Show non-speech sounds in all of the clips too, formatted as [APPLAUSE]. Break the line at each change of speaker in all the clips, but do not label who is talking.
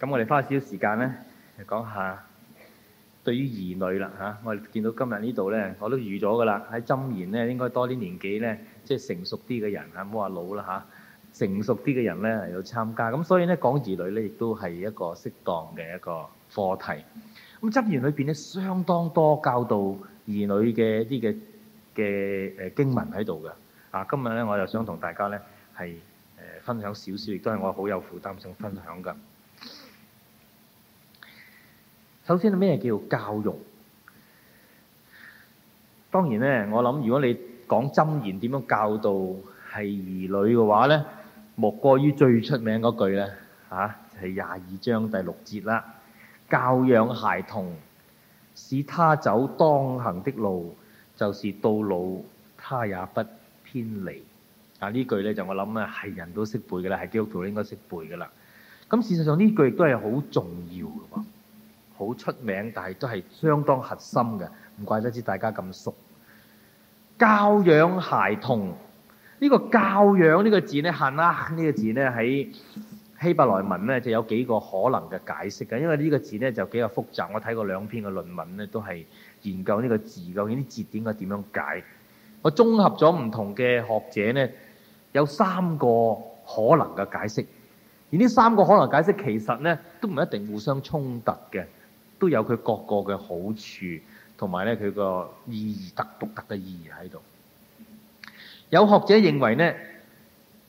咁我哋花少少時間咧，講下對於兒女啦嚇、啊。我哋見到今日呢度咧，我都預咗噶啦。喺《箴言》咧，應該多啲年紀咧，即、就、係、是、成熟啲嘅人嚇，唔好話老啦嚇、啊。成熟啲嘅人咧有參加，咁所以咧講兒女咧，亦都係一個適當嘅一個課題。咁《箴言》裏邊咧，相當多教導兒女嘅啲嘅嘅誒經文喺度㗎。啊，今日咧，我就想同大家咧係誒分享少少，亦都係我好有負擔想分享㗎。嗯。首先，咩叫做教育？當然咧，我諗如果你講箴言點樣教導係兒女嘅話咧，莫過於最出名嗰句咧、啊、就係廿二章第六節啦。教養孩童，使他走當行的路，就是到老他也不偏離。啊！句呢句咧就我諗咧係人都識背嘅啦，係基督徒應該識背嘅啦。咁事實上呢句亦都係好重要嘅喎。好出名，但係都係相當核心嘅，唔怪得之大家咁熟。教養孩童呢、呢個教養呢個字呢恨啦呢個字呢，喺、這個、希伯來文呢就有幾個可能嘅解釋嘅，因為呢個字呢就比較複雜。我睇過兩篇嘅論文呢都係研究呢個字究竟啲字典應該點樣解。我綜合咗唔同嘅學者呢，有三個可能嘅解釋，而呢三個可能解釋其實呢都唔一定互相衝突嘅。都有佢各個嘅好處，同埋咧佢個意義特，獨特嘅意義喺度。有學者認為咧，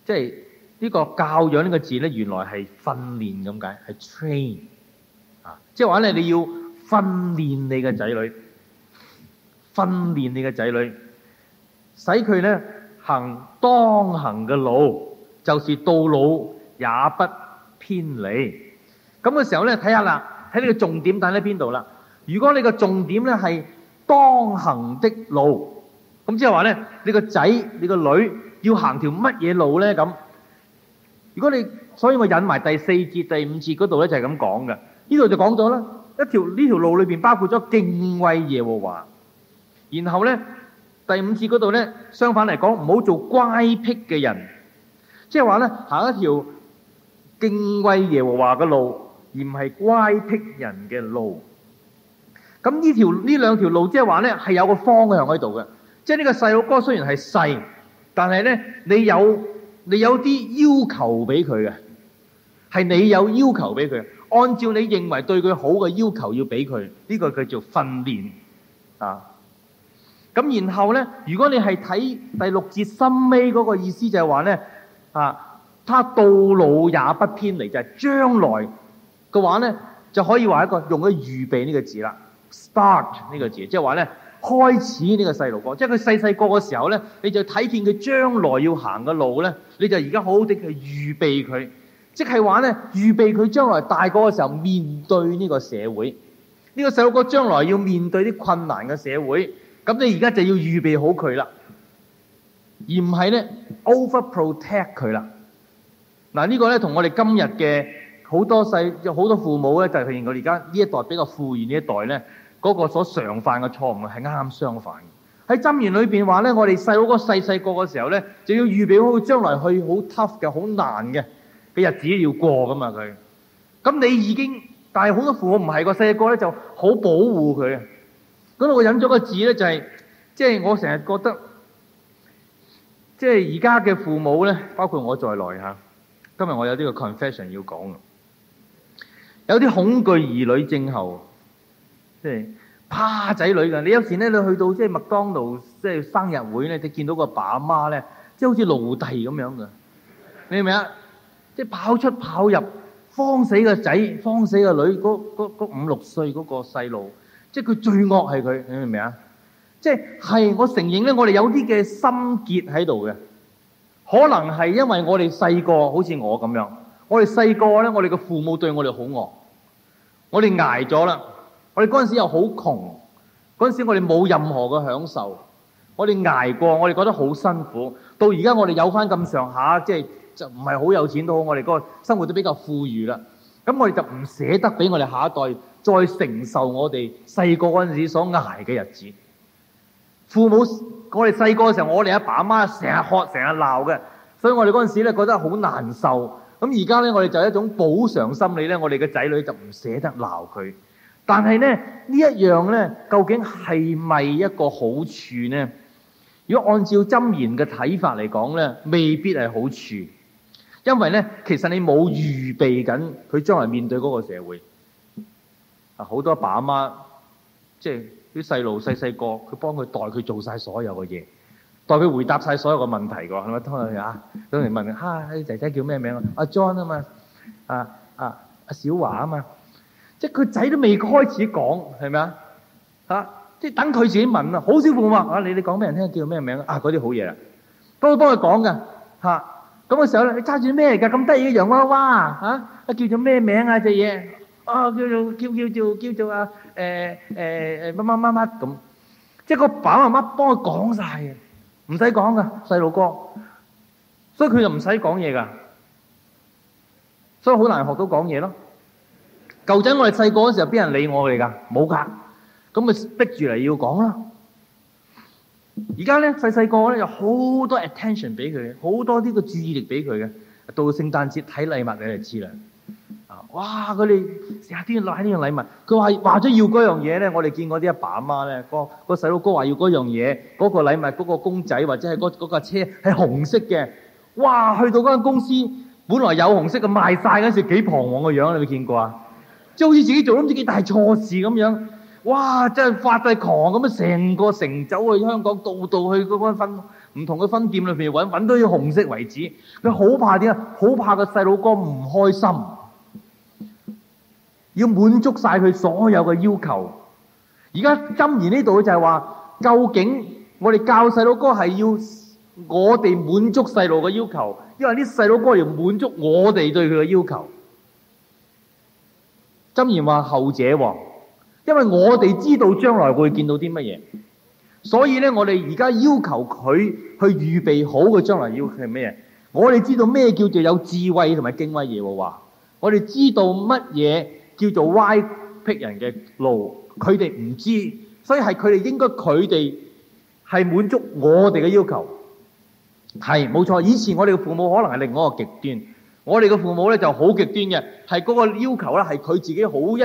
即係呢個教養呢個字咧，原來係訓練咁解，係 train 啊，即係話咧你要訓練你嘅仔女，訓練你嘅仔女，使佢咧行當行嘅路，就是到老也不偏離。咁嘅時候咧，睇下啦。喺呢個重點，但喺邊度啦？如果你嘅重點咧係當行的路，咁即係話咧，你個仔、你個女要行條乜嘢路咧？咁如果你，所以我引埋第四節、第五節嗰度咧就係咁講嘅。呢度就講咗啦，一條呢條路裏邊包括咗敬畏耶和華。然後咧，第五節嗰度咧，相反嚟講，唔好做乖僻嘅人，即係話咧，行一條敬畏耶和華嘅路。而唔係乖僻人嘅路，咁呢條呢兩條路是，即係話咧，係有個方向喺度嘅。即係呢個細佬哥雖然係細，但係咧，你有你有啲要求俾佢嘅，係你有要求俾佢，嘅。按照你認為對佢好嘅要求要俾佢，呢、呢個叫做訓練啊。咁然後咧，如果你係睇第六節深尾嗰個意思就是，就係話咧啊，他到老也不偏離，就係、是、將來。嘅話咧，就可以話一個用一個預備呢個字啦，Start 呢個字，即係話咧開始呢個細路哥，即係佢細細個嘅時候咧，你就睇見佢將來要行嘅路咧，你就而家好好地去預備佢，即係話咧預備佢將來大個嘅時候面對呢個社會，呢、這個細路哥將來要面對啲困難嘅社會，咁你而家就要預備好佢啦，而唔係咧 overprotect 佢啦。嗱、這個、呢個咧同我哋今日嘅。好多細有好多父母咧，就係我哋而家呢一代比較富裕呢一代咧，嗰個所常犯嘅錯誤係啱相反嘅。喺《箴言》裏面話咧，我哋細佬哥細細個嘅時候咧，就要預備好將來去好 tough 嘅、好難嘅嘅日子要過噶嘛佢。咁你已經，但係好多父母唔係個細細個咧，就好保護佢。咁我引咗個字咧，就係即係我成日覺得，即係而家嘅父母咧，包括我在內嚇。今日我有呢個 confession 要講，有啲恐懼兒女症候，即係怕仔女㗎。你有時咧，你去到即係麥當勞，即係生日會咧，你見到個爸媽呢，即係好似奴隸咁樣㗎。你明唔明啊？即係跑出跑入，放死個仔，放死個女，嗰嗰嗰五六歲嗰個細路，即係佢最惡係佢。你明唔明啊？即係係我承認呢，我哋有啲嘅心結喺度嘅，可能係因為我哋細個好似我咁樣。我哋細個呢，我哋嘅父母對我哋好惡，我哋挨咗啦。我哋嗰陣時又好窮，嗰陣時我哋冇任何嘅享受，我哋挨過，我哋覺得好辛苦。到而家我哋有返咁上下，即係就唔係好有錢都好，我哋嗰個生活都比較富裕啦。咁我哋就唔捨得俾我哋下一代再承受我哋細個嗰陣時所挨嘅日子。父母，我哋細個嘅時候，我哋阿爸阿媽成日喝成日鬧嘅，所以我哋嗰陣時呢，咧覺得好難受。咁而家咧，我哋就係一種補償心理咧，我哋嘅仔女就唔捨得鬧佢。但係咧，呢一樣咧，究竟係咪一個好處呢？如果按照箴言嘅睇法嚟講咧，未必係好處，因為咧，其實你冇預備緊佢將來面對嗰個社會。啊，好多阿爸阿媽即係啲細路細細個，佢幫佢代佢做晒所有嘅嘢。代佢回答曬所有嘅問題，個係咪？當佢啊，當佢問佢嚇，你仔仔叫咩名啊？阿 John 啊嘛，啊啊阿小華啊嘛，即係個仔都未開始講，係咪啊？嚇！即係等佢自己問啊，好少父母啊，你哋講俾人聽叫咩名啊？嗰啲好嘢，都幫佢講嘅嚇。咁嘅時候咧，你揸住咩嚟㗎？咁得意嘅洋娃娃啊！啊，叫做咩名啊？隻嘢啊，叫做叫叫叫叫做啊誒誒誒乜乜乜乜咁，即係個爸爸媽媽幫佢講曬嘅。唔使講㗎，細路哥，所以佢就唔使講嘢㗎。所以好難學到講嘢咯。舊陣我哋細個嗰時候，邊人理我哋㗎？冇㗎，咁咪逼住嚟要講啦。而家呢，細細個呢，有好多 attention 俾佢嘅，好多啲個注意力俾佢嘅。到聖誕節睇禮物你就知啦。啊！哇！佢哋成日都要攞呢樣禮物。佢話話咗要嗰樣嘢咧，我哋見過啲阿爸阿媽咧，嗰個、嗰個細佬哥話要嗰樣嘢，嗰、嗰個禮物，嗰、嗰個公仔或者係嗰架車係紅色嘅。哇！去到嗰間公司本來有紅色嘅賣晒嗰時候，幾彷徨嘅樣，你有冇見過啊？即係好似自己做咗唔知幾大錯事咁樣。哇！真係發晒狂咁成個城走去香港，到度去嗰間分唔同嘅分店裏邊揾揾到要紅色為止。佢好怕點啊？好怕個細佬哥唔開心。要滿足晒佢所有嘅要求。而家箴言呢度就係話，究竟我哋教細佬哥係要我哋滿足細路嘅要求，因為啲細佬哥要滿足我哋對佢嘅要求。箴言話：後者喎，因為我哋知道將來會見到啲乜嘢，所以咧我哋而家要求佢去預備好佢將來要係咩。我哋知道咩叫做有智慧同埋敬畏嘢喎？話我哋知道乜嘢？叫做歪僻人嘅路，佢哋唔知，所以係佢哋應該，佢哋係滿足我哋嘅要求，係冇錯。以前我哋嘅父母可能係另外一個極端，我哋嘅父母咧就好極端嘅，係嗰個要求啦，係佢自己好一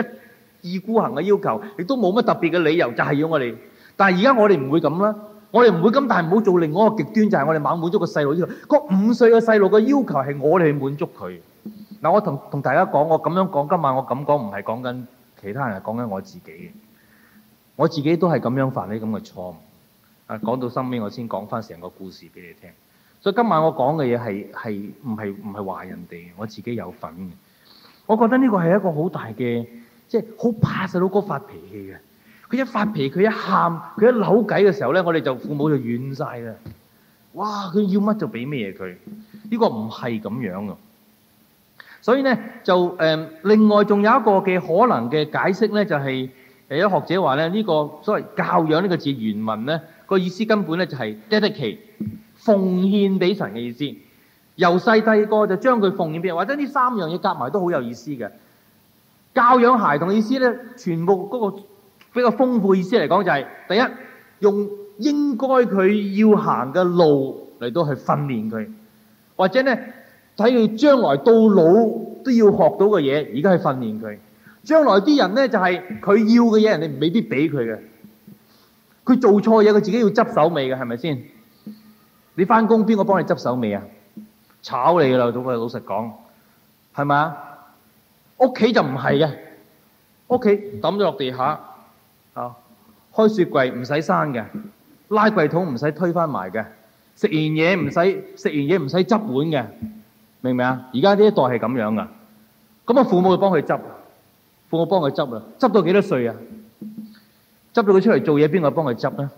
意孤行嘅要求，亦都冇乜特別嘅理由，就係要我哋。但係而家我哋唔會咁啦，我哋唔會咁，但係唔好做另外一個極端，就係我哋猛滿足個細路要求。個五歲嘅細路嘅要求係我哋去滿足佢。嗱，我同同大家講，我咁樣講，今晚我咁講唔係講緊其他人，係講緊我自己嘅。我自己都係咁樣犯呢咁嘅錯誤，講到收尾我先講翻成個故事俾你聽。所以今晚我講嘅嘢，係係唔係唔係話人哋，我自己有份嘅。我覺得呢個係一個好大嘅，即係好怕細佬哥發脾氣嘅。佢一發脾氣，佢一喊，佢一扭計嘅時候咧，我哋就父母就軟晒啦。哇！佢要乜就俾咩嘢佢，呢個唔係咁樣嘅。所以呢，就誒、嗯，另外仲有一個嘅可能嘅解釋咧，就係、是、誒有一學者話咧呢、這個所謂教養呢個字原文咧、那個意思根本咧就係 dedicate，奉獻俾神嘅意思，由細細個就將佢奉獻俾人，或者呢三樣嘢夾埋都好有意思嘅。教養孩童嘅意思咧，全部嗰個比較豐富嘅意思嚟講就係、是、第一用應該佢要行嘅路嚟到去訓練佢，或者咧。睇佢將來到老都要學到嘅嘢，而家係訓練佢。將來啲人咧就係佢要嘅嘢，人哋未必俾佢嘅。佢做錯嘢，佢自己要執手尾嘅，係咪先？你翻工邊個幫你執手尾啊？炒你啦，總之老實講，係咪啊？屋企就唔係嘅，屋企抌咗落地下啊！開雪櫃唔使閂嘅，拉櫃桶唔使推翻埋嘅，食完嘢唔使食完嘢唔使執碗嘅。明唔明啊？而家呢一代係咁樣噶，咁啊父母就幫佢執，父母幫佢執啊，執到幾多歲啊？執到佢出嚟做嘢，邊個幫佢執咧？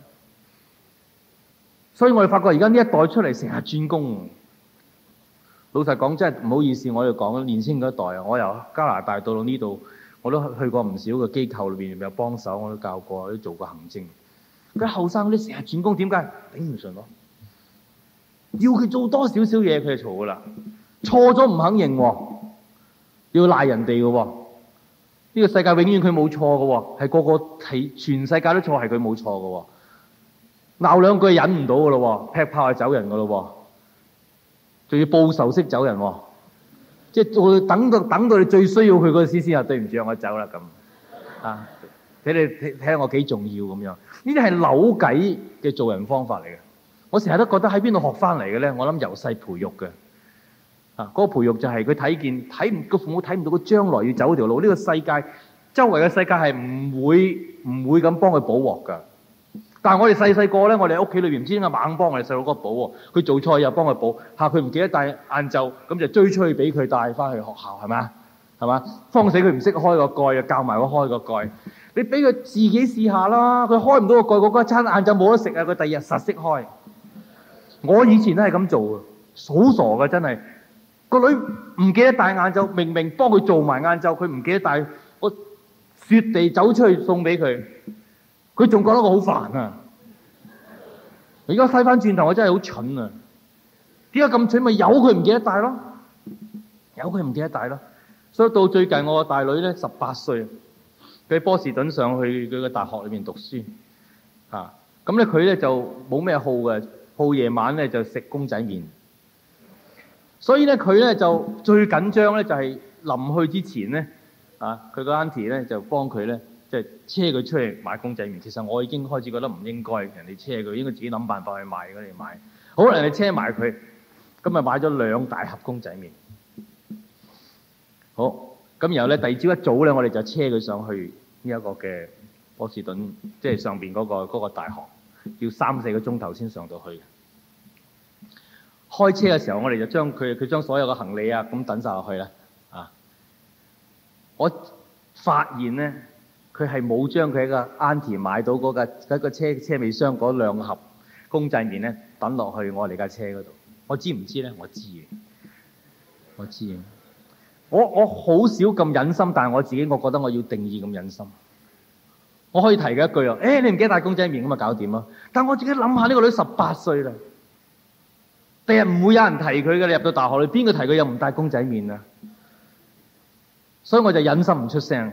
所以我哋發覺而家呢一代出嚟成日轉工。老實講，真係唔好意思，我哋講年輕嗰一代啊。我由加拿大到到呢度，我都去過唔少嘅機構裏邊有幫手，我都教過，都做過行政。佢後生啲成日轉工，點解頂唔順咯？要佢做多少少嘢，佢就嘈噶啦。錯咗唔肯認，要賴人哋嘅。呢個世界永遠佢冇錯嘅，係個個係全世界都錯，係佢冇錯嘅。鬧兩句忍唔到嘅咯，劈炮就走人嘅咯，仲要報仇式走人，即係等到等到你最需要佢嗰時，先話對唔住，我走啦咁啊。睇你睇睇我幾重要咁樣。呢啲係扭計嘅做人方法嚟嘅。我成日都覺得喺邊度學翻嚟嘅咧？我諗由細培育嘅。啊！嗰個培育就係佢睇見睇唔個父母睇唔到佢將來要走條路，呢個世界，周圍嘅世界係唔會唔會咁幫佢補鑊㗎。但係我哋細細個咧，我哋喺屋企裏邊唔知點解猛幫我哋細路哥補喎。佢做菜又幫佢補，嚇佢唔記得帶晏晝，咁就追出去俾佢帶翻去學校係咪啊？係嘛？慌死佢唔識開個蓋，又教埋我開個蓋。你俾佢自己試下啦，佢開唔到個蓋，嗰一餐晏晝冇得食啊！佢第二日實識開。我以前都係咁做嘅，好傻嘅真係。個女唔記得帶晏晝，明明幫佢做埋晏晝，佢唔記得帶。我雪地走出去送俾佢，佢仲覺得我好煩啊！而家睇翻轉頭，我真係好蠢啊！點解咁蠢？咪由佢唔記得帶咯，由佢唔記得帶咯。所以到最近，我個大女咧十八歲，佢喺波士頓上去佢嘅大學裏面讀書啊。咁咧佢咧就冇咩好嘅，好夜晚咧就食公仔麵。所以咧，佢咧就最緊張咧，就係臨去之前咧，啊，佢個 aunty 呢，咧就幫佢咧，即係車佢出去買公仔麵。其實我已經開始覺得唔應該人，人哋車佢，應該自己諗辦法去買嗰啲買。好，人哋車埋佢，今日買咗兩大盒公仔麵。好，咁然後呢，咧，第二朝一早咧，我哋就車佢上去呢一個嘅波士頓，即係上面嗰個嗰個大學，要三四個鐘頭先上到去。開車嘅時候，我哋就將佢佢將所有嘅行李呀、啊、咁揼晒落去啦、啊。我發現呢，佢係冇將佢喺個 Auntie 買到嗰架喺個車車尾箱嗰兩盒公仔麵呢揼落去我哋架車嗰度。我知唔知呢？我知嘅，我知嘅。我我好少咁忍心，但我自己，我覺得我要定義咁忍心。我可以提佢一句啊，誒、哎，你唔記得帶公仔麵咁啊，那就搞掂啊？但我自己諗下，呢、這個女十八歲啦。第日唔會有人提佢嘅，你入到大學你邊個提佢又唔帶公仔麵啊？所以我就忍心唔出聲，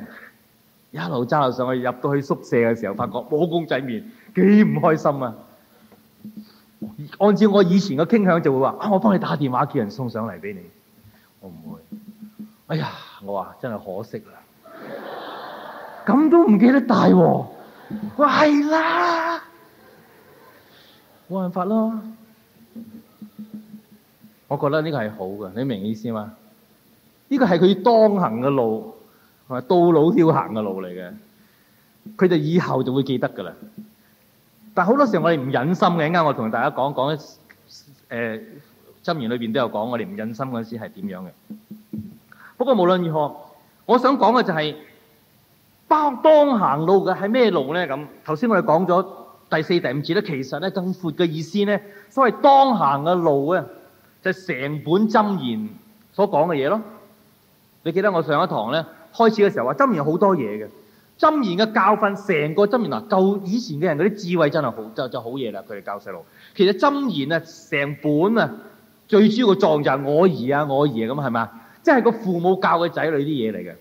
一路揸上去，入到去宿舍嘅時候發覺冇公仔麵，幾唔開心啊！按照我以前嘅傾向就會話：啊，我幫你打電話叫人送上嚟俾你。我唔會。哎呀，我話真係可惜啦。咁都唔記得帶喎。話係啦，冇辦法咯。我覺得呢個係好嘅，你明意思嘛？呢個係佢當行嘅路，係嘛？到老要行嘅路嚟嘅，佢就以後就會記得㗎啦。但係好多時候我哋唔忍心嘅，啱我同大家講講誒，箴言裏面都有講，我哋唔忍心嗰時係點樣嘅。不過無論如何，我想講嘅就係當當行路嘅係咩路咧？咁頭先我哋講咗第四、第五節咧，其實咧更闊嘅意思咧，所謂當行嘅路啊。就係成本《箴言》所講嘅嘢咯。你記得我上一堂呢開始嘅時候話《箴言》好多嘢嘅，《箴言》嘅教訓成個《箴言》嗱，以前嘅人嗰啲智慧真係好就就好嘢啦。佢哋教細路，其實《箴言》啊成本啊最主要嘅狀就係我兒啊，我兒啊咁係嘛，即係個父母教嘅仔女啲嘢嚟嘅。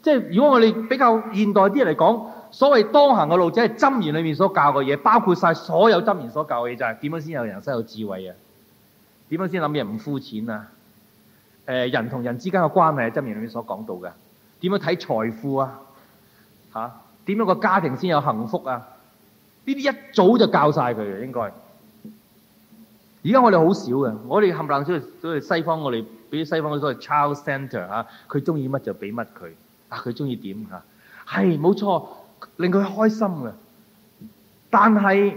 即係如果我哋比較現代啲嚟講，所謂當行嘅路，就係《箴言》裏面所教嘅嘢，包括晒所有《箴言》所教嘅嘢，就係點樣先有人生有智慧啊？點樣先諗嘢唔膚淺啊？呃、人同人之間嘅關係，《箴言》裏面所講到㗎。點樣睇財富啊？嚇、啊，點樣個家庭先有幸福啊？呢啲一早就教晒佢嘅，應該。而家我哋好少嘅，我哋冚唪唥都係西方，我哋俾啲西方嗰啲所謂 child center 佢鍾意乜就俾乜佢啊，佢鍾意點嚇？係冇錯，令佢開心嘅。但係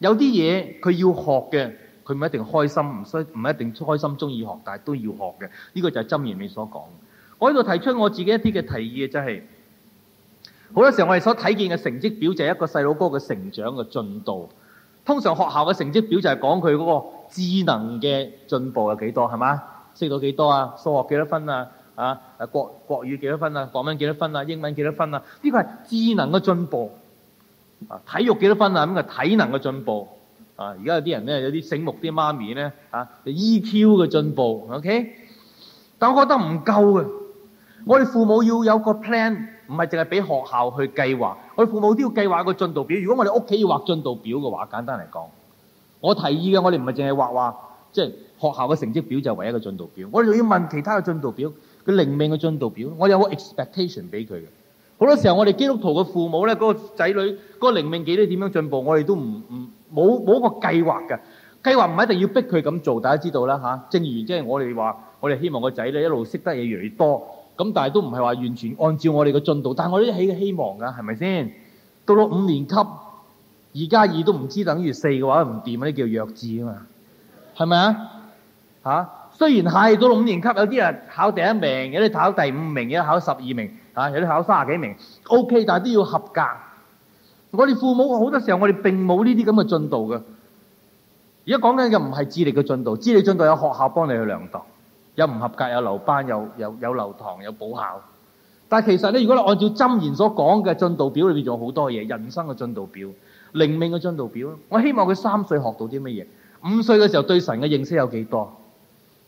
有啲嘢佢要學嘅。佢唔一定開心，唔需唔一定開心，中意學，但係都要學嘅。呢個就係箴言你所講。我喺度提出我自己一啲嘅提議啊，就係好多時候我哋所睇見嘅成績表就係一個細佬哥嘅成長嘅進度。通常學校嘅成績表就係講佢嗰個智能嘅進步有幾多，係嘛？識到幾多啊？數學幾多分啊？啊，國國語幾多分啊？國文幾多分啊？英文幾多分啊？呢個係智能嘅進步啊！體育幾多分啊？咁嘅體能嘅進步。媽媽啊！而家有啲人咧，有啲醒目啲媽咪咧，啊，E.Q. 嘅進步，OK，但我覺得唔夠嘅。我哋父母要有個 plan，唔係淨係俾學校去計劃。我哋父母都要計劃個進度表。如果我哋屋企要畫進度表嘅話，簡單嚟講，我提議嘅，我哋唔係淨係畫話，即係學校嘅成績表就係唯一個進度表。我哋仲要問其他嘅進度表，佢靈命嘅進度表。我有個 expectation 俾佢嘅好多時候，我哋基督徒嘅父母咧，嗰個仔女嗰個靈命幾多點樣進步，我哋都唔唔～冇冇個計劃㗎，計劃唔一定要逼佢咁做，大家知道啦吓、啊、正如即係我哋話，我哋希望個仔咧一路識得嘢越嚟越多，咁但係都唔係話完全按照我哋嘅進度，但係我哋起嘅希望㗎，係咪先？到咗五年級，二加二都唔知等於四嘅話唔掂，呢叫弱智啊嘛，係咪啊？嚇！雖然係到到五年級，有啲人考第一名，有啲考第五名，有啲考十二名，啊、有啲考卅幾名，OK，但係都要合格。我哋父母好多時候，我哋並冇呢啲咁嘅進度嘅。而家講緊嘅唔係智力嘅進度，智力進度有學校幫你去量度，有唔合格，有留班，有有有留堂，有補考。但係其實咧，如果你按照箴言所講嘅進度表裏邊，仲有好多嘢，人生嘅進度表、靈命嘅進度表。我希望佢三歲學到啲乜嘢，五歲嘅時候對神嘅認識有幾多，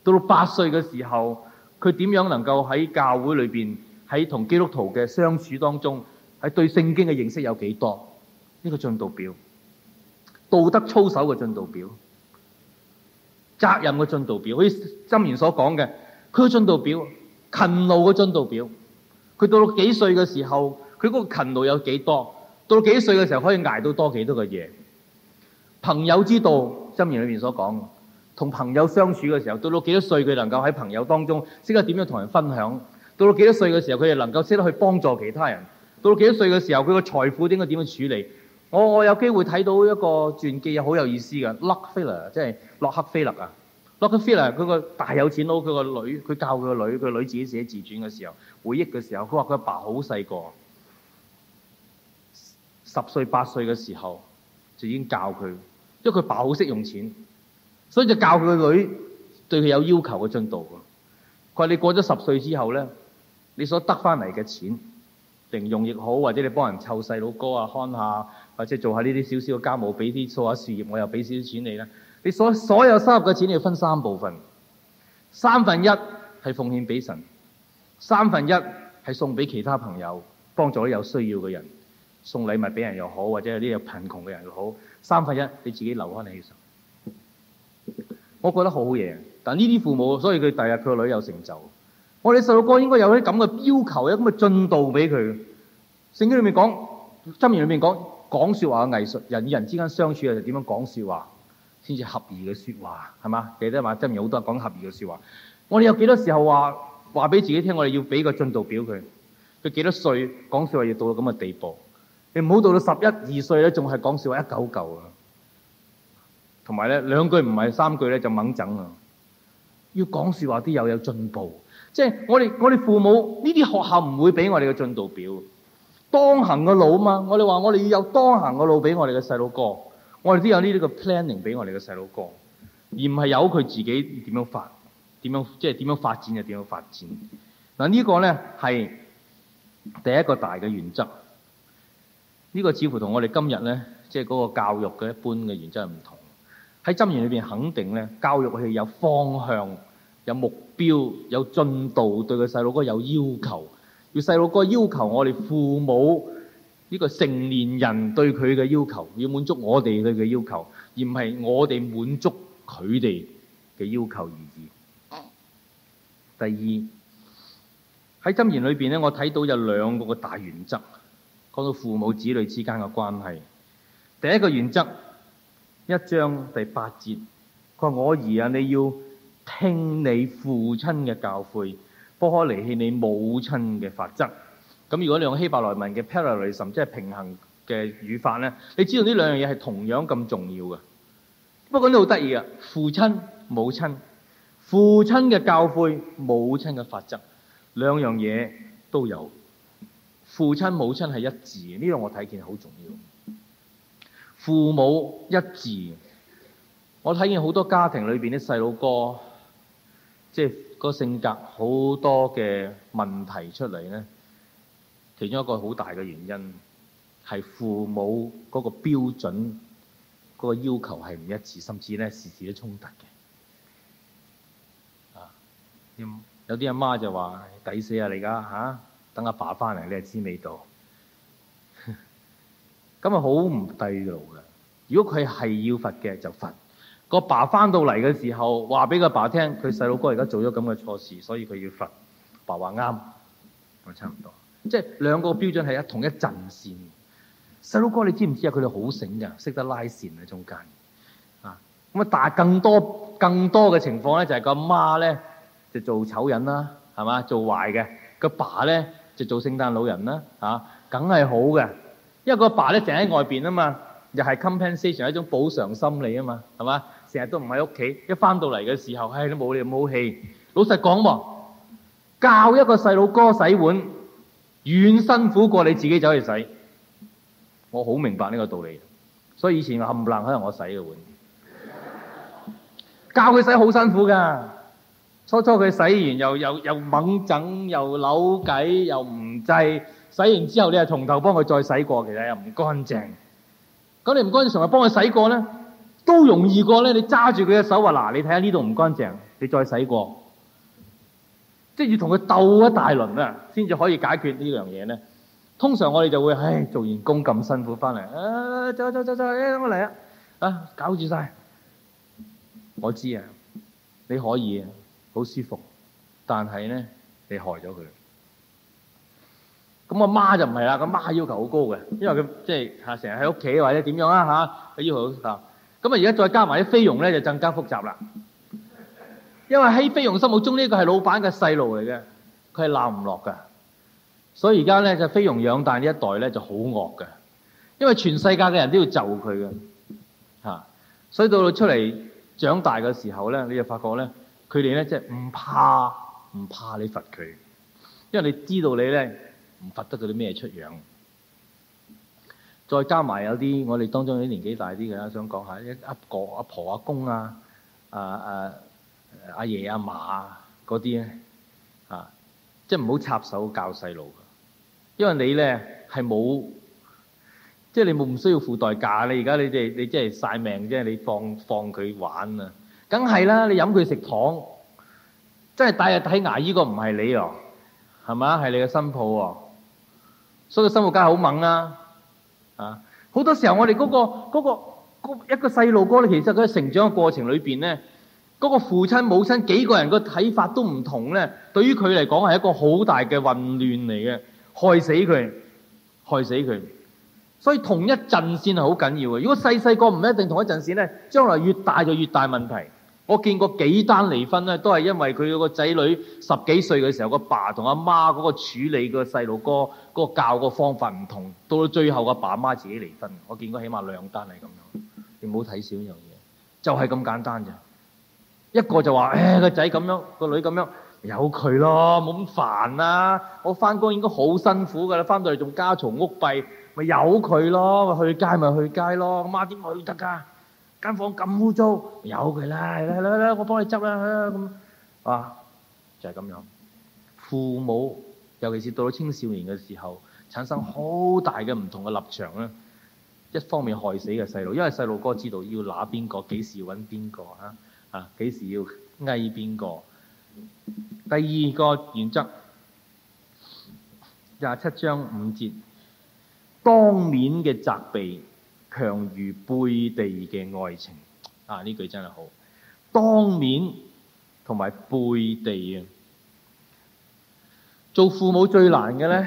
到八歲嘅時候佢點樣能夠喺教會裏邊，喺同基督徒嘅相處當中，喺對聖經嘅認識有幾多？呢個進度表，道德操守嘅進度表，責任嘅進度表，好似箴言所講嘅，佢嘅進度表，勤勞嘅進度表，佢到到幾歲嘅時候，佢嗰個勤勞有幾多？到幾歲嘅時候可以捱到多幾多嘅嘢？朋友之道，箴言裏面所講，同朋友相處嘅時候，到到幾多歲佢能夠喺朋友當中識得點樣同人分享？到到幾多歲嘅時候佢哋能夠識得去幫助其他人？到到幾多歲嘅時候佢嘅財富應該點樣處理？我我有機會睇到一個傳記又好有意思嘅。洛克菲勒，即係洛克菲勒啊，洛克菲勒佢個大有錢佬，佢個女佢教佢個女，佢女自己寫自傳嘅時候，回憶嘅時候，佢話佢爸好細個十歲八歲嘅時候,時候就已經教佢，因為佢爸好識用錢，所以就教佢個女對佢有要求嘅進度。佢話你過咗十歲之後咧，你所得翻嚟嘅錢，零用亦好，或者你幫人湊細佬哥啊，看下。或者做下呢啲少少嘅家務，俾啲掃下樹葉，我又俾少少錢你啦。你所所有收入嘅錢你要分三部分，三分一係奉獻俾神，三分一係送俾其他朋友，幫助有需要嘅人，送禮物俾人又好，或者呢個貧窮嘅人又好。三分一你自己留翻喺度。我覺得好好嘢，但呢啲父母所以佢第日佢個女有成就。我哋細路哥應該有啲咁嘅要求，有咁嘅進度俾佢。聖經裏面講，箴言裏面講。講說話嘅藝術，人與人之間相處啊，就點樣講說話先至合宜嘅說話，係嘛？記得嘛？即係好多人講合宜嘅說話。我哋有幾多時候話話俾自己聽，我哋要俾個進度表佢，佢幾多歲講說話要到到咁嘅地步？你唔好到到十一二歲咧，仲係講說話一嚿嚿啊！同埋咧，兩句唔係三句咧就掹整啊！要講說話啲又有，有進步，即係我哋我哋父母呢啲學校唔會俾我哋嘅進度表。當行嘅路嘛，我哋話我哋要有當行嘅路俾我哋嘅細佬哥，我哋都有呢啲嘅 planning 俾我哋嘅細佬哥，而唔係由佢自己點樣發，點樣即係點樣發展就點樣發展。嗱、呢個、呢個咧係第一個大嘅原則，呢、呢個似乎同我哋今日咧即係嗰個教育嘅一般嘅原則係唔同。喺《箴言》裏邊肯定咧，教育係有方向、有目標、有進度，對個細佬哥有要求。要細路哥要求我哋父母呢個成年人對佢嘅要求，要滿足我哋對佢嘅要求，而唔係我哋滿足佢哋嘅要求而已。第二喺《箴言》裏邊咧，我睇到有兩個嘅大原則，講到父母子女之間嘅關係。第一個原則，一章第八節，佢話，我兒啊，你要聽你父親嘅教誨。不可離棄你母親嘅法則。咁如果你用希伯來文嘅 parallelism，即係平衡嘅語法咧，你知道呢兩樣嘢係同樣咁重要嘅。不過呢好得意啊，父親、母親、父親嘅教訓、母親嘅法則，兩樣嘢都有。父親、母親係一致，呢、呢個我睇見好重要。父母一致，我睇見好多家庭裏邊啲細佬哥，即係。個性格好多嘅問題出嚟咧，其中一個好大嘅原因係父母嗰個標準、嗰、嗰個要求係唔一致，甚至咧時時都衝突嘅。啊、嗯，有啲阿媽，媽就話抵死啊！你而家嚇，等阿爸翻嚟你係知味道。咁啊，好唔低路嘅。如果佢係要罰嘅，就罰。個爸翻到嚟嘅時候，話俾個爸聽，佢細佬哥而家做咗咁嘅錯事，所以佢要罰。爸話啱，咪差唔多，即係兩個標準係一同一陣線。細佬哥你知唔知啊？佢哋好醒㗎，識得拉線喺中間。啊，咁啊，但係更多更多嘅情況咧，就係個媽咧就做醜人啦，係嘛？做壞嘅個爸咧就做聖誕老人啦，嚇、啊，梗係好嘅，因為個爸咧淨喺外邊啊嘛，又係 compensation 係一種補償心理啊嘛，係嘛？成日都唔喺屋企，一返到嚟嘅時候，唉，都冇你咁好氣。老實講喎，教一個細佬哥洗碗，遠辛苦過你自己走去洗。我好明白呢個道理，所以以前冚唪唥可能我洗嘅碗，教佢洗好辛苦㗎。初初佢洗完又又又掹整，又扭計，又唔制。洗完之後你又從頭幫佢再洗過，其實又唔乾淨。咁你唔乾淨，仲係幫佢洗過咧？都容易過咧！你揸住佢嘅手話嗱，你睇下呢度唔乾淨，你再洗過，即係要同佢鬥一大輪啊，先至可以解決呢樣嘢咧。通常我哋就會唉，做完工咁辛苦翻嚟，啊走走走走，走走我嚟啦啊，攪住晒。我知啊，你可以啊，好舒服，但係咧，你害咗佢。咁阿媽就唔係啦，阿媽要求好高嘅，因為佢即係嚇成日喺屋企或者點樣啊嚇，佢要求啊。咁而家再加埋啲菲傭呢，就更加複雜啦。因為喺菲傭心目中呢個係老闆嘅細路嚟嘅，佢係鬧唔落㗎！所以而家呢，就菲傭養大呢一代呢，就好惡㗎！因為全世界嘅人都要就佢㗎！所以到你出嚟長大嘅時候呢，你就發覺呢，佢哋呢，即係唔怕唔怕你罰佢，因為你知道你呢，唔罰得佢啲咩出樣。再加埋有啲我哋當中啲年紀大啲嘅啦，想講下一阿阿婆阿公啊，啊啊阿爺阿嫲嗰啲咧，啊即係唔好插手教細路，因為你咧係冇，即係、就是、你冇唔需要付代價你而家你哋你即係晒命即係你放放佢玩啊，梗係啦。你飲佢食糖，真係戴日睇牙醫個唔係你咯，係咪啊？係你嘅新抱喎，所以生活家好猛啊！啊！好多時候我哋、嗰個，我哋嗰個一個細路哥咧，其實佢喺成長嘅過程裏邊咧，嗰個父親、母親幾個人個睇法都唔同咧，對於佢嚟講係一個好大嘅混亂嚟嘅，害死佢，害死佢。所以同一陣線係好緊要嘅。如果細細個唔一定同一陣線咧，將來越大就越大問題。我見過幾單離婚咧，都係因為佢個仔女十幾歲嘅時候，個爸同阿媽嗰個處理個細路哥嗰個教個方法唔同，到到最後個爸媽自己離婚。我見過起碼兩單係咁樣，你唔好睇小呢樣嘢，就係咁簡單咋。一個就話：誒，個仔咁樣，個女咁樣，由佢咯，冇咁煩啊。我翻工應該好辛苦噶啦，翻到嚟仲家嘈屋閉，咪由佢咯，去街咪去街咯，阿媽點去得㗎？間房咁污糟，有嘅啦，嚟嚟嚟，我幫你執啦咁，啊，就係咁樣。父母尤其是到咗青少年嘅時候，產生好大嘅唔同嘅立場啦。一方面害死嘅細路，因為細路哥知道要拿邊個，幾時要揾邊個啊？啊，幾時要嗌邊個？第二個原則，廿七章五節，當面嘅責備。強如背地嘅愛情啊。呢句真係好。當面同埋背地啊，做父母最難嘅呢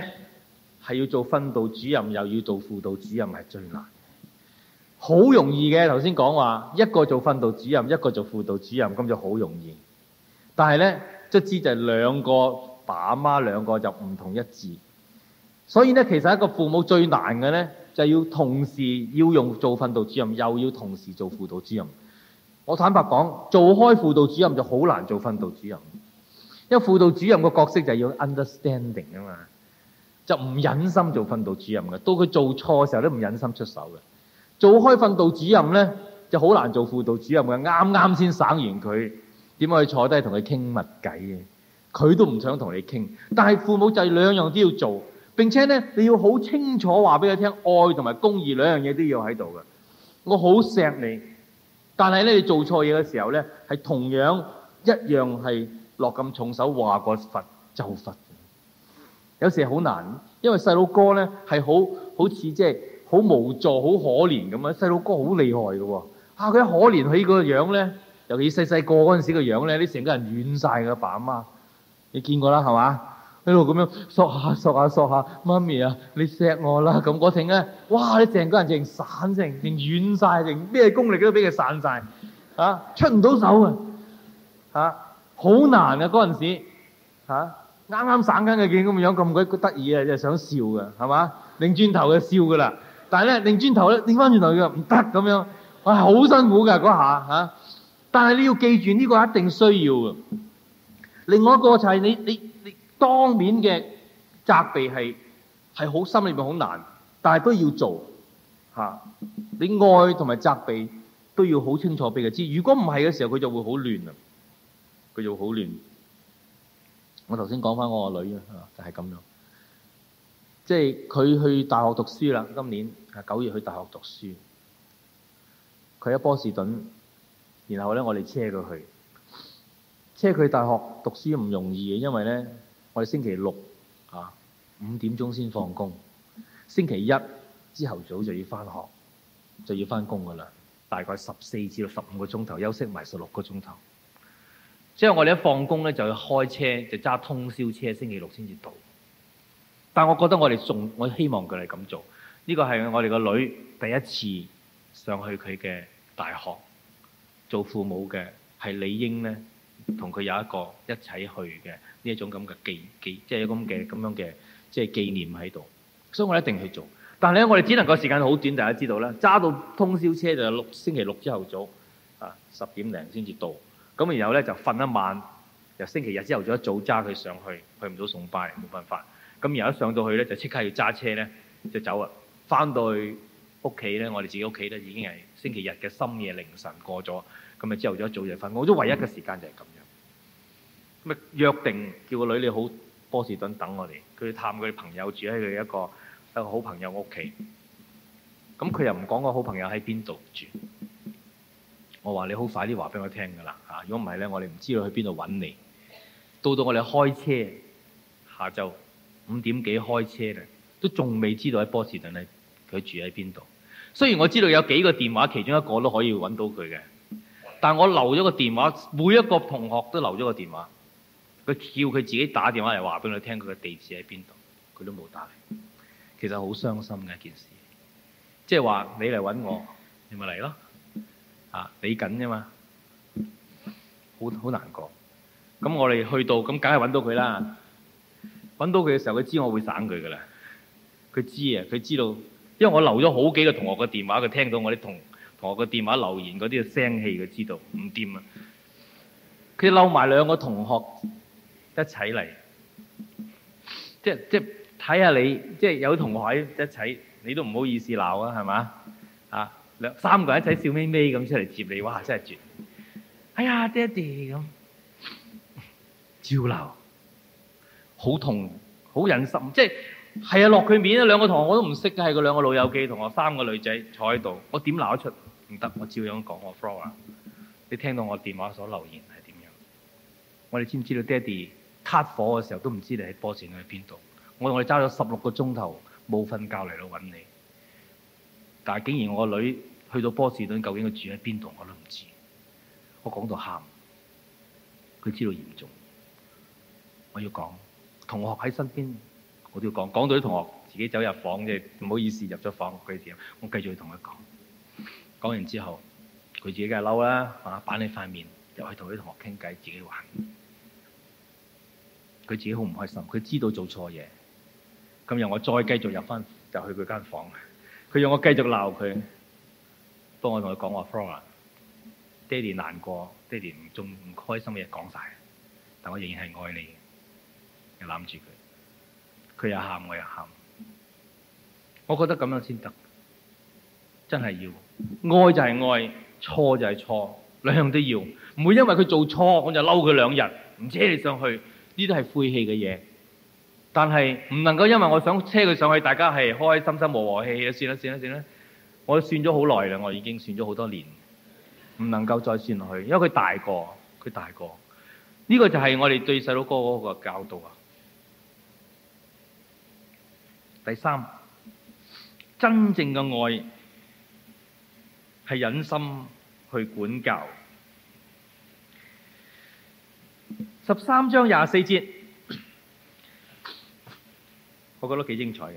係要做訓導主任，又要做輔導主任係最難的。好容易嘅，頭先講話一個做訓導主任，一個做輔導主任，咁就好容易。但係呢，卒之就兩個爸媽，兩個就唔同一致。所以呢，其實一個父母最難嘅呢，就要同時要用做訓導主任，又要同時做輔導主任。我坦白講，做開輔導主任就好難做訓導主任，因為輔導主任個角色就係要 understanding 啊嘛，就唔忍心做訓導主任嘅，到佢做錯嘅時候都唔忍心出手嘅。做開訓導主任呢，就好難做輔導主任嘅，啱啱先省完佢，點可以坐低同佢傾乜偈嘅？佢都唔想同你傾，但係父母就係兩樣都要做。並且呢你要好清楚話俾佢聽，愛同埋公義兩樣嘢都要喺度嘅。我好錫你，但係咧，你做錯嘢嘅時候咧，係同樣一樣係落咁重手話個罰就罰嘅。有時好難，因為細佬哥咧係好好似即係好無助、好可憐咁樣，細佬哥好厲害嘅喎，啊佢一可憐起個樣咧，尤其細細個嗰陣時個樣咧，你成個人軟晒嘅，爸媽，你見過啦係嘛？喺度咁樣索下索下索下，媽咪啊，你錫我啦咁嗰陣咧，哇！你成個人淨散淨，淨軟晒，淨咩功力都俾佢散晒，啊出唔到手啊！吓好難啊！嗰陣時啱啱散緊嘅見咁嘅樣咁鬼得意啊，又、就係、想笑嘅係嘛？擰轉頭就笑㗎啦，但係咧擰轉頭咧，擰翻轉頭佢話唔得咁樣，哇、啊！好辛苦㗎嗰下吓、啊，但係你要記住呢、呢個一定需要嘅。另外一個就係你你。你當面嘅責備係係好心裏面好難，但係都要做吓啊。你愛同埋責備都要好清楚俾佢知。如果唔係嘅時候，佢就會好亂啊！佢就好亂。我頭先講翻我個女啊，就係咁樣。即係佢去大學讀書啦，今年啊九月去大學讀書。佢喺波士頓，然後咧我哋車佢去。車佢去大學讀書唔容易嘅，因為咧。我哋星期六啊五點鐘先放工，星期一之後早就要返學，就要返工㗎喇。大概十四至十五個鐘頭休息埋十六個鐘頭。之後我哋一放工呢，就要開車，就揸通宵車，星期六先至到。但係我覺得我哋仲，我希望佢哋咁做，呢個係我哋個女第一次上去佢嘅大學，做父母嘅係理應呢。同佢有一個一齊去嘅呢一種咁嘅紀紀，即係有咁嘅咁樣嘅即係紀念喺度，所以我哋一定去做。但係咧，我哋只能夠時間好短，大家知道啦。揸到通宵車就六星期六朝頭早啊十點零先至到，咁然後咧就瞓一晚，由星期日朝頭早，早一早揸佢上去，去唔到送拜，冇辦法。咁然後一上去呢呢到去咧就即刻要揸車咧就走喇，翻到去屋企咧，我哋自己屋企咧已經係星期日嘅深夜凌晨過咗。咁咪朝頭早一早就返工，我哋唯一嘅時間就係咁樣。咁咪約定叫個女你好波士頓等我哋，佢探佢朋友住喺佢一個一個好朋友屋企。咁佢又唔講個好朋友喺邊度住。我話你好快啲話俾我聽㗎啦嚇！如果唔係咧，我哋唔知道去邊度揾你。到到我哋開車，下晝五點幾開車咧，都仲未知道喺波士頓咧佢住喺邊度。雖然我知道有幾個電話，其中一個都可以揾到佢嘅。但係我留咗個電話，每一個同學都留咗個電話，佢叫佢自己打電話嚟話俾我聽佢嘅地址喺邊度，佢都冇打嚟，其實好傷心嘅一件事，即係話你嚟揾我，你咪嚟咯，啊，你緊啫嘛，好好難過，咁我哋去到，咁梗係揾到佢啦，揾到佢嘅時候，佢知我會省佢噶啦，佢知啊，佢知道，因為我留咗好幾個同學嘅電話，佢聽到我啲同。我個電話留言嗰啲聲氣，佢知道唔掂啊！佢嬲埋兩個同學一齊嚟，即係即係睇下你即係有同學喺一齊，你都唔好意思鬧啊，係嘛啊？兩三個人一齊笑眯眯咁出嚟接你，哇！真係絕！哎呀，爹哋咁照鬧，好痛，好忍心，即係係啊！落佢面啊！兩個同學我都唔識嘅，係嗰兩個老友記同學，三個女仔坐喺度，我點鬧得出？唔得，我照樣講我 Flora。你聽到我電話所留言係點樣。我哋知唔知道，爹哋卡火嘅時候都唔知你喺波士頓喺邊度？我我哋揸咗十六個鐘頭冇瞓覺嚟到揾你，但係竟然我女去到波士頓，究竟佢住喺邊度我都唔知。我講到喊，佢知道嚴重。我要講同學喺身邊，我都要講。講到啲同學自己走入房，即係唔好意思入咗房佢時，我繼續同佢講。講完之後，佢自己梗係嬲啦，板你塊面，又去同啲同學傾偈，自己玩。佢自己好唔開心，佢知道做錯嘢。今日我再繼續入翻，就去佢間房間。佢讓我繼續鬧佢，幫我同佢講我 father 爹哋難過，爹哋唔仲唔開心嘅嘢講晒，但我仍然係愛你，又攬住佢，佢又喊，我又喊。我覺得咁樣先得，真係要。愛就係愛，錯就係錯，兩樣都要，唔會因為佢做錯，我就嬲佢兩日，唔車你上去，呢啲係晦氣嘅嘢。但係唔能夠因為我想車佢上去，大家係開開心心和和氣氣啊，算啦算啦算啦，我算咗好耐啦，我已經算咗好多年，唔能夠再算落去，因為佢大個，佢大個，呢個就係我哋對細佬哥個教導啊。第三，真正嘅愛。是忍心去管教十三章廿四節，我覺得幾精彩嘅。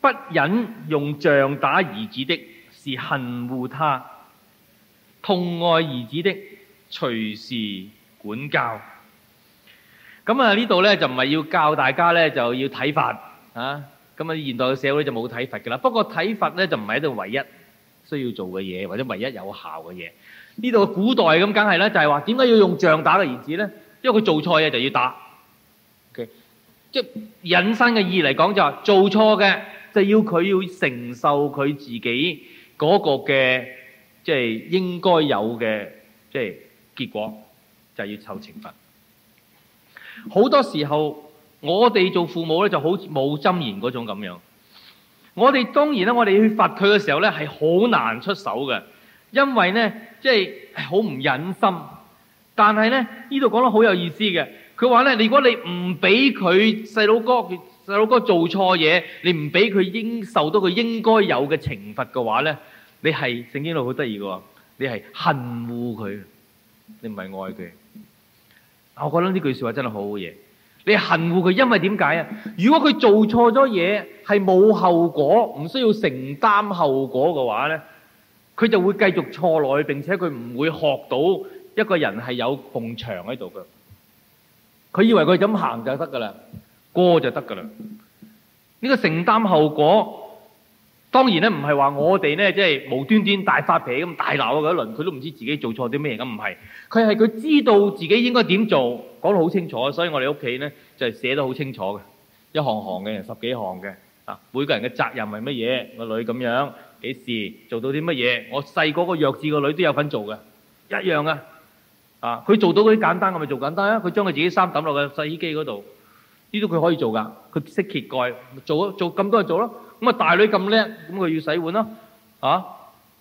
不忍用杖打兒子的，是恨護他；痛愛兒子的，隨時管教。咁喺呢度就唔係要教大家呢就要體罰。現代嘅社會就冇體罰噶啦。不過體罰呢，就唔係喺度唯一。需要做嘅嘢，或者唯一有效嘅嘢，呢度古代咁梗係咧，就係話點解要用杖打嘅兒子咧？因為佢做錯嘢就要打。即係引申嘅意義嚟講就話、是、做錯嘅就要佢要承受佢自己嗰個嘅即係應該有嘅即係結果，就係、是、要受懲罰。好多時候我哋做父母咧就好似冇箴言嗰種咁樣。我哋當然啦，我哋去罰佢嘅時候咧，係好難出手嘅，因為咧，即係好唔忍心。但係咧，呢度講得好有意思嘅，佢話咧，如果你唔俾佢細佬哥細佬哥做錯嘢，你唔俾佢應受到佢應該有嘅懲罰嘅話咧，你係聖經路好得意嘅喎，你係恨惡佢，你唔係愛佢。我覺得呢句說話真係好好嘢。你恨護佢，因為點解啊？如果佢做錯咗嘢，係冇後果，唔需要承擔後果嘅話咧，佢就會繼續錯落去，並且佢唔會學到一個人係有埲牆喺度嘅。佢以為佢咁行就得噶啦，過就得噶啦。呢個承擔後果。當然咧，唔係話我哋咧，即係無端端大發脾咁大鬧佢一輪，佢都唔知自己做錯啲咩咁。唔係，佢係佢知道自己應該點做，講得好清楚。所以我哋屋企咧就係寫得好清楚嘅，一行行嘅，十幾行嘅啊，每個人嘅責任係乜嘢？個女咁樣幾時做到啲乜嘢？我細嗰個弱智個女都有份做嘅，一樣啊。啊，佢做到嗰啲簡單，我咪做簡單啊。佢將佢自己衫揼落去洗衣機嗰度。呢啲佢可以做噶，佢識揭蓋，做咯，做咁多就做咯。咁啊，大女咁叻，咁佢要洗碗咯，啊，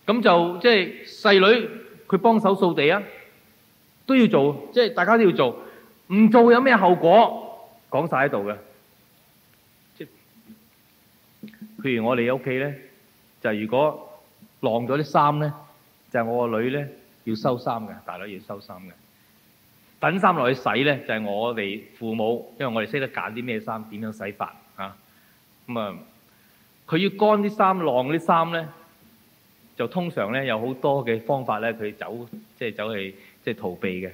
咁就即係細女佢幫手掃地啊，都要做，即係大家都要做，唔做有咩後果？講晒喺度嘅。即係譬如我哋屋企咧，就如果晾咗啲衫咧，就係我個女咧要收衫嘅，大女要收衫嘅。等衫落去洗咧，就係我哋父母，因為我哋識得揀啲咩衫、點樣洗法啊。咁啊，佢要乾啲衫、晾啲衫咧，就通常咧有好多嘅方法咧，佢走即係走去即係逃避嘅。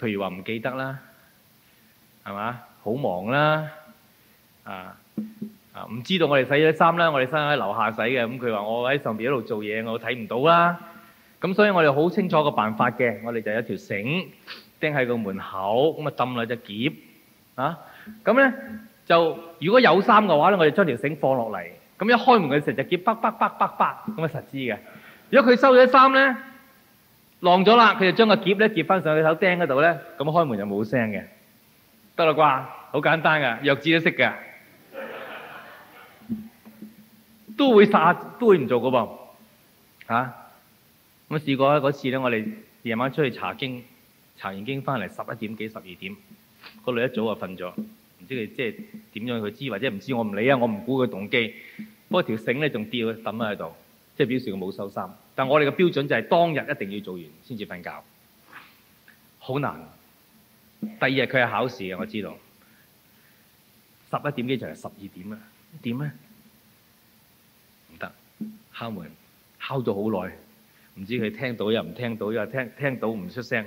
譬如話唔記得啦，係嘛？好忙啦，啊啊！唔知道我哋洗咗衫啦，我哋衫喺樓下洗嘅，咁佢話我喺上邊一路做嘢，我睇唔到啦。咁所以我哋好清楚個辦法嘅，我哋就有條繩。掟喺個門口，咁啊浸落隻夾啊！咁咧就如果有衫嘅話咧，我哋將條繩放落嚟，咁一開門嘅時就夾卜卜卜卜卜咁啊實知嘅。如果佢收咗衫咧，晾咗啦，佢就將個夾咧夾翻上去手釘嗰度咧，咁、啊、開門就冇聲嘅，得啦啩，好簡單噶，弱智 [LAUGHS] 都識嘅，都會殺都會唔做噶噃、啊，吓、啊、咁試過啊嗰次咧，我哋夜晚出去查經。查完經翻嚟十一點幾十二點，個女一早就瞓咗，唔知佢即係點樣佢知，或者唔知我唔理啊，我唔估佢動機。不過條繩咧仲吊，揼喺度，即係表示佢冇收衫。但我哋嘅標準就係當日一定要做完先至瞓覺，好難。第二日佢係考試嘅，我知道。十一點幾就係十二點啦，點咧？唔得，敲門，敲咗好耐，唔知佢聽到又唔聽到，又聽聽到唔出聲。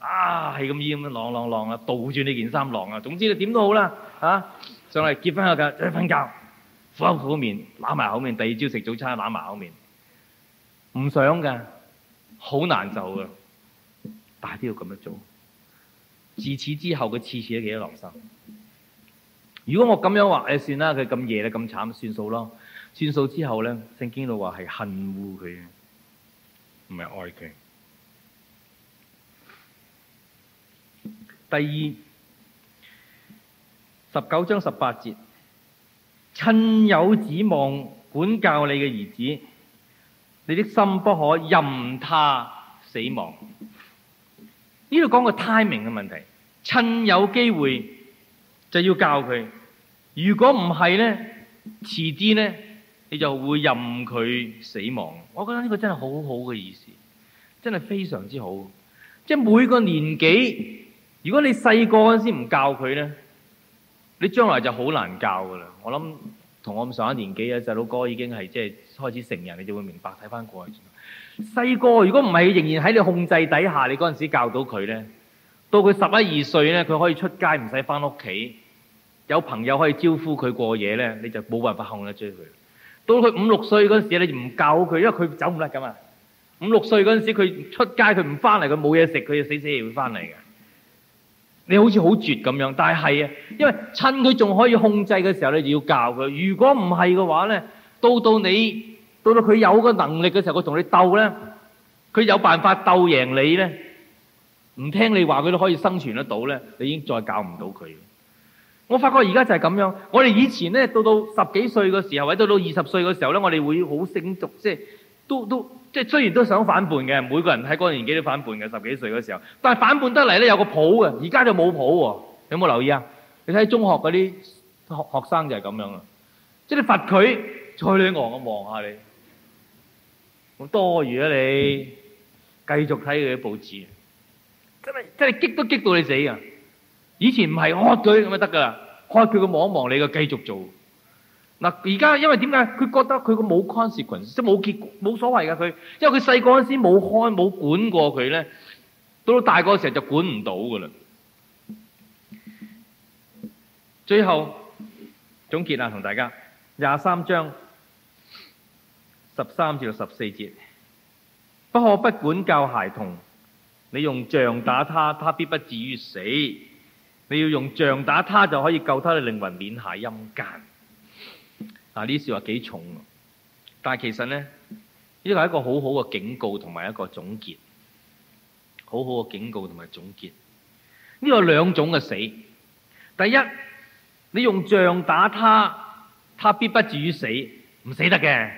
啊，係咁煙咁樣晾晾啊，倒轉呢件衫晾啊。總之你點都好啦，吓、啊、上嚟結婚下㗎，一瞓覺，苦口苦面，攬埋口面，第二朝食早餐攬埋口面，唔想噶，好難受噶，但係都要咁樣做。自此之後佢次次都幾多狼心。如果我咁樣話誒，算啦，佢咁夜咧咁慘，算數咯。算數之後咧，聖經裏話係恨惡佢，唔係愛佢。第二十九章十八節，趁有指望管教你嘅兒子，你的心不可任他死亡。呢度講個 timing 嘅問題，趁有機會就要教佢。如果唔係呢，遲啲呢，你就會任佢死亡。我覺得呢個真係好好嘅意思，真係非常之好。即係每個年紀。如果你細個嗰陣時唔教佢呢，你將來就好難教噶啦。我諗同我咁上一年紀嘅細佬哥已經係即係開始成人，你就會明白睇翻過去。細個 [MUSIC] 如果唔係仍然喺你控制底下，你嗰陣時教到佢呢，到佢十一二歲呢，佢可以出街唔使翻屋企，有朋友可以招呼佢過夜呢，你就冇辦法控得追佢。到佢五六歲嗰陣時你咧，唔教佢，因為佢走唔甩噶嘛。五六歲嗰陣時，佢出街佢唔翻嚟，佢冇嘢食，佢就死死會翻嚟嘅。你好似好絕咁樣，但係係啊，因為趁佢仲可以控制嘅時候，你就要教佢。如果唔係嘅話呢，到你到你到到佢有個能力嘅時候，佢同你鬥呢，佢有辦法鬥贏你呢。唔聽你話，佢都可以生存得到呢，你已經再教唔到佢。我發覺而家就係咁樣。我哋以前呢，到到十幾歲嘅時候，或者到到二十歲嘅時候呢，我哋會好成熟，即係都都。都即係雖然都想反叛嘅，每個人喺嗰個年紀都反叛嘅，十幾歲嗰時候。但係反叛得嚟咧有個譜嘅，而家就冇譜喎。你有冇留意啊？你睇中學嗰啲學學生就係咁樣啦。即係你罰佢，再你昂咁望下你，我多餘啊，你。繼續睇佢啲報紙，真係真係激都激到你死啊！以前唔係惡佢咁就得噶啦，開佢個望一望你就繼續做。嗱，而家因為點解？佢覺得佢個冇 consequence，即係冇結冇所謂㗎。佢因為佢細個嗰陣時冇開冇管過佢咧，到到大個時候就管唔到㗎啦。最後總結啊，同大家廿三章十三至到十四節，不可不管教孩童。你用杖打他，他必不至於死。你要用杖打他，就可以救他嘅靈魂免下陰間。嗱，呢事話幾重，但係其實咧，呢個係一個好好嘅警告同埋一個總結，好好嘅警告同埋總結。呢個兩種嘅死，第一，你用杖打他，他必不至於死，唔死得嘅。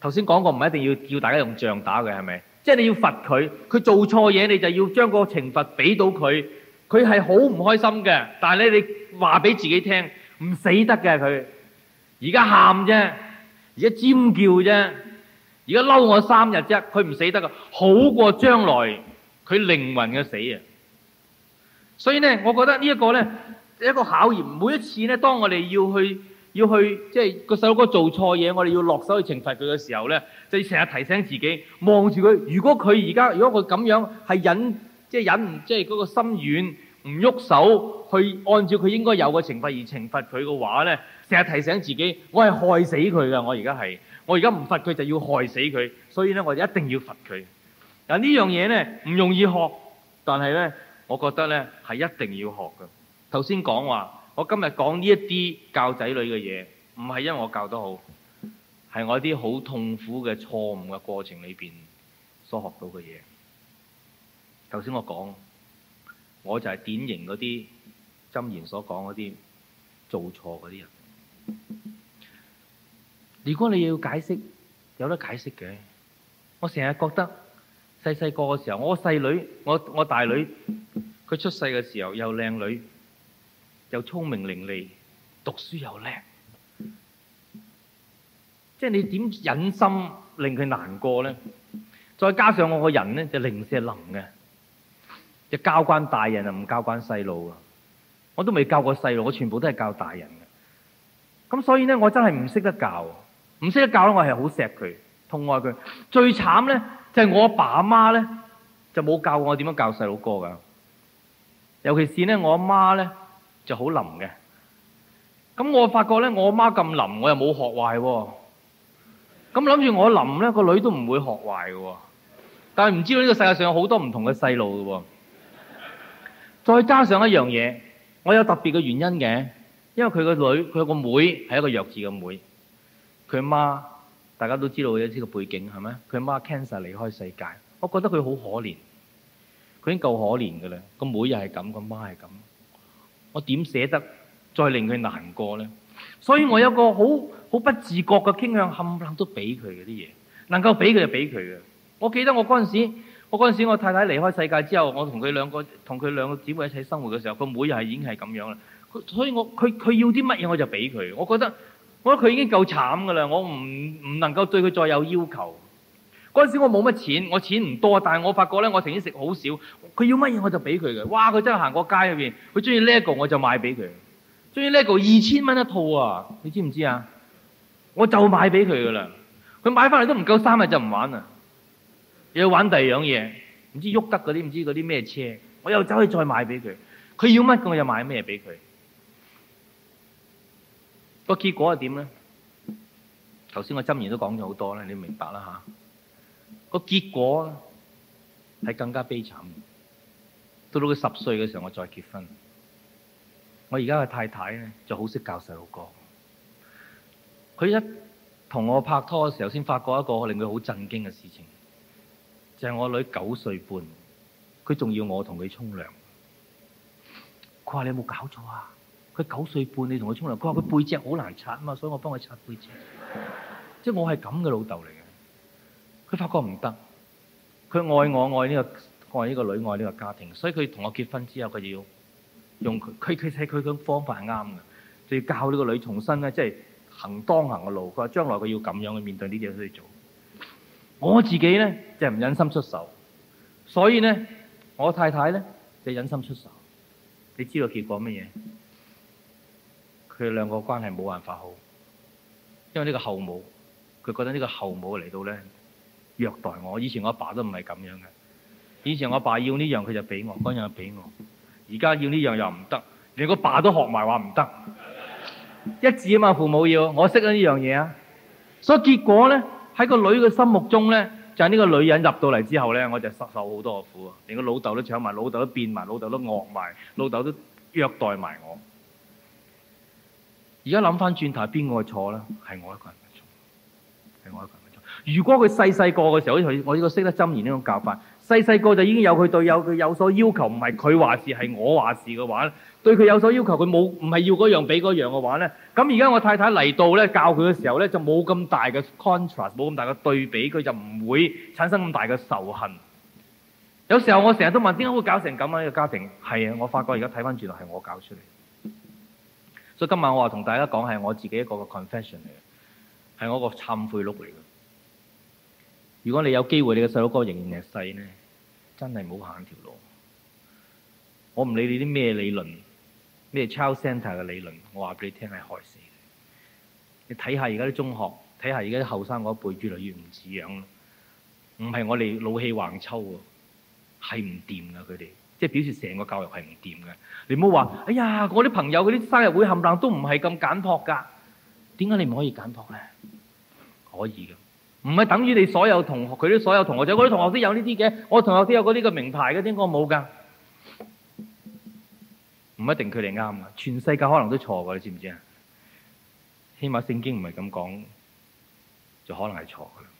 頭先講過，唔係一定要叫大家用杖打嘅，係咪？即係你要罰佢，佢做錯嘢，你就要將個懲罰俾到佢，佢係好唔開心嘅。但係你你話俾自己聽，唔死得嘅佢。現在而家喊啫，而家尖叫啫，而家嬲我三日啫，佢唔死得㗎，好過將來佢靈魂嘅死啊！所以咧，我覺得呢一個咧，一個考驗。每一次咧，當我哋要去要去，即係個細路哥做錯嘢，我哋要落手去懲罰佢嘅時候咧，就要成日提醒自己，望住佢。如果佢而家如果佢咁樣係忍，即係忍，即係嗰個心軟。唔喐手去按照佢應該有嘅懲罰而懲罰佢嘅話呢，成日提醒自己，我係害死佢㗎，我而家係，我而家唔罰佢就要害死佢，所以呢，我就一定要罰佢。嗱，呢樣嘢呢，唔容易學，但係呢，我覺得呢係一定要學嘅。頭先講話，我今日講呢一啲教仔女嘅嘢，唔係因為我教得好，係我啲好痛苦嘅錯誤嘅過程裏邊所學到嘅嘢。頭先我講。我就係典型嗰啲箴言所講嗰啲做錯嗰啲人。如果你要解釋，有得解釋嘅。我成日覺得細細個嘅時候，我細女，我，我大女，佢出世嘅時候又靚女，又聰明伶俐，讀書又叻，即係你點忍心令佢難過呢？再加上我個人呢，就零舍能嘅。就教慣大人啊，唔教慣細路啊！我都未教過細路，我全部都係教大人嘅。咁所以呢，我真係唔識得教，唔識得教咧，我係好錫佢、痛愛佢。最慘呢，就係、是、我阿爸阿媽呢，就冇教我點樣教細路哥噶。尤其是呢，我阿媽呢，就好冧嘅。咁我發覺呢，我阿媽咁冧，我又冇學壞。咁諗住我冧呢，個女都唔會學壞噶。但係唔知道呢個世界上有好多唔同嘅細路喎。再加上一樣嘢，我有特別嘅原因嘅，因為佢個女，佢有個妹係一個弱智嘅妹，佢媽大家都知道有呢個背景係咩？佢媽 cancer 離開世界，我覺得佢好可憐，佢已經夠可憐㗎啦，個妹又係咁，個媽係咁，我點捨得再令佢難過呢？所以我有個好好不自覺嘅傾向，冚唪唥都俾佢嘅啲嘢，能夠俾佢就俾佢嘅。我記得我嗰陣時。我嗰陣時，我太太離開世界之後，我同佢兩個同佢兩個姊妹一齊生活嘅時候，個妹又係已經係咁樣啦。所以我佢佢要啲乜嘢我就俾佢。我覺得我覺得佢已經夠慘噶啦，我唔唔能夠對佢再有要求。嗰陣時我冇乜錢，我錢唔多，但係我發覺咧，我成天食好少。佢要乜嘢我就俾佢嘅。哇！佢真係行過街入面，佢中意 LEGO 我就買俾佢。中意 LEGO 二千蚊一套啊！你知唔知啊？我就買俾佢噶啦。佢買翻嚟都唔夠三日就唔玩啦。又要玩第二樣嘢，唔知喐得嗰啲，唔知嗰啲咩車，我又走去再買俾佢。佢要乜，我又買咩俾佢。個結果係點咧？頭先我箴言都講咗好多啦，你明白啦吓。個結果係更加悲慘。到到佢十歲嘅時候，我再結婚。我而家嘅太太咧就好識教細路哥。佢一同我拍拖嘅時候，先發覺一個令佢好震驚嘅事情。就係我女九歲半，佢仲要我同佢沖涼。佢話：你有冇搞錯啊？佢九歲半，你同佢沖涼。佢話：佢背脊好難擦啊嘛，所以我幫佢擦背脊。即係我係咁嘅老豆嚟嘅。佢發覺唔得，佢愛我，愛呢個，愛呢個女，愛呢個家庭，所以佢同我結婚之後，佢就要用佢，佢其實佢嘅方法係啱嘅，就要教呢個女重新，咧，即係行當行嘅路。佢話將來佢要咁樣去面對呢啲嘢去做。我自己咧就唔忍心出手，所以呢，我太太咧就忍心出手。你知道結果乜嘢？佢哋兩個關係冇辦法好，因為呢個後母，佢覺得呢個後母嚟到咧虐待我。以前我阿爸都唔係咁樣嘅，以前我阿爸要呢樣佢就俾我，嗰樣俾我。而家要呢樣又唔得，連個爸都學埋話唔得。一致啊嘛，父母要我識得呢樣嘢啊，所以結果咧。喺個女嘅心目中呢，就係、是、呢個女人入到嚟之後呢，我就失受好多的苦啊！連個老豆都搶埋，老豆都變埋，老豆都惡埋，老豆都虐待埋我。而家諗返轉頭，邊個錯咧？係我一個人嘅錯，係我一個人嘅錯。如果佢細細個嘅時候，我呢個識得箴言呢種教法。細細個就已經有佢隊友，佢有所要求，唔係佢話事，係我話事嘅話對佢有所要求，佢冇唔係要嗰樣俾嗰樣嘅話呢，咁而家我太太嚟到呢，教佢嘅時候呢，就冇咁大嘅 contrast，冇咁大嘅對比，佢就唔會產生咁大嘅仇恨。有時候我成日都問，點解會搞成咁樣嘅呢個家庭係啊？我發覺而家睇翻轉頭係我搞出嚟。所以今晚我話同大家講，係我自己一個 confession 嚟嘅，係我個懺悔錄嚟嘅。如果你有機會，你嘅細佬哥仍然係細呢。真係冇行呢條路，我唔理你啲咩理論，咩 child center 嘅理論，我話俾你聽係害死。你睇下而家啲中學，睇下而家啲後生嗰一輩，越嚟越唔似樣啦。唔係我哋老氣橫秋喎，係唔掂噶，佢哋，即係、就是、表示成個教育係唔掂嘅。你唔好話，哎呀，我啲朋友嗰啲生日會冚唪唥都唔係咁簡朴㗎，點解你唔可以簡朴咧？可以嘅。唔係等於你所有同學，佢啲所有同學就我啲同學都有呢啲嘅，我同學都有嗰啲嘅名牌嘅，點解我冇㗎？唔一定佢哋啱，全世界可能都錯㗎，你知唔知啊？起碼聖經唔係咁講，就可能係錯嘅。